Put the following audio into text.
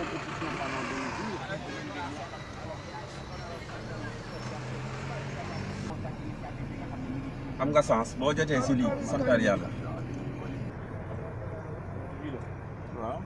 compétition am nga sens boo jotee si lii santal yàlla.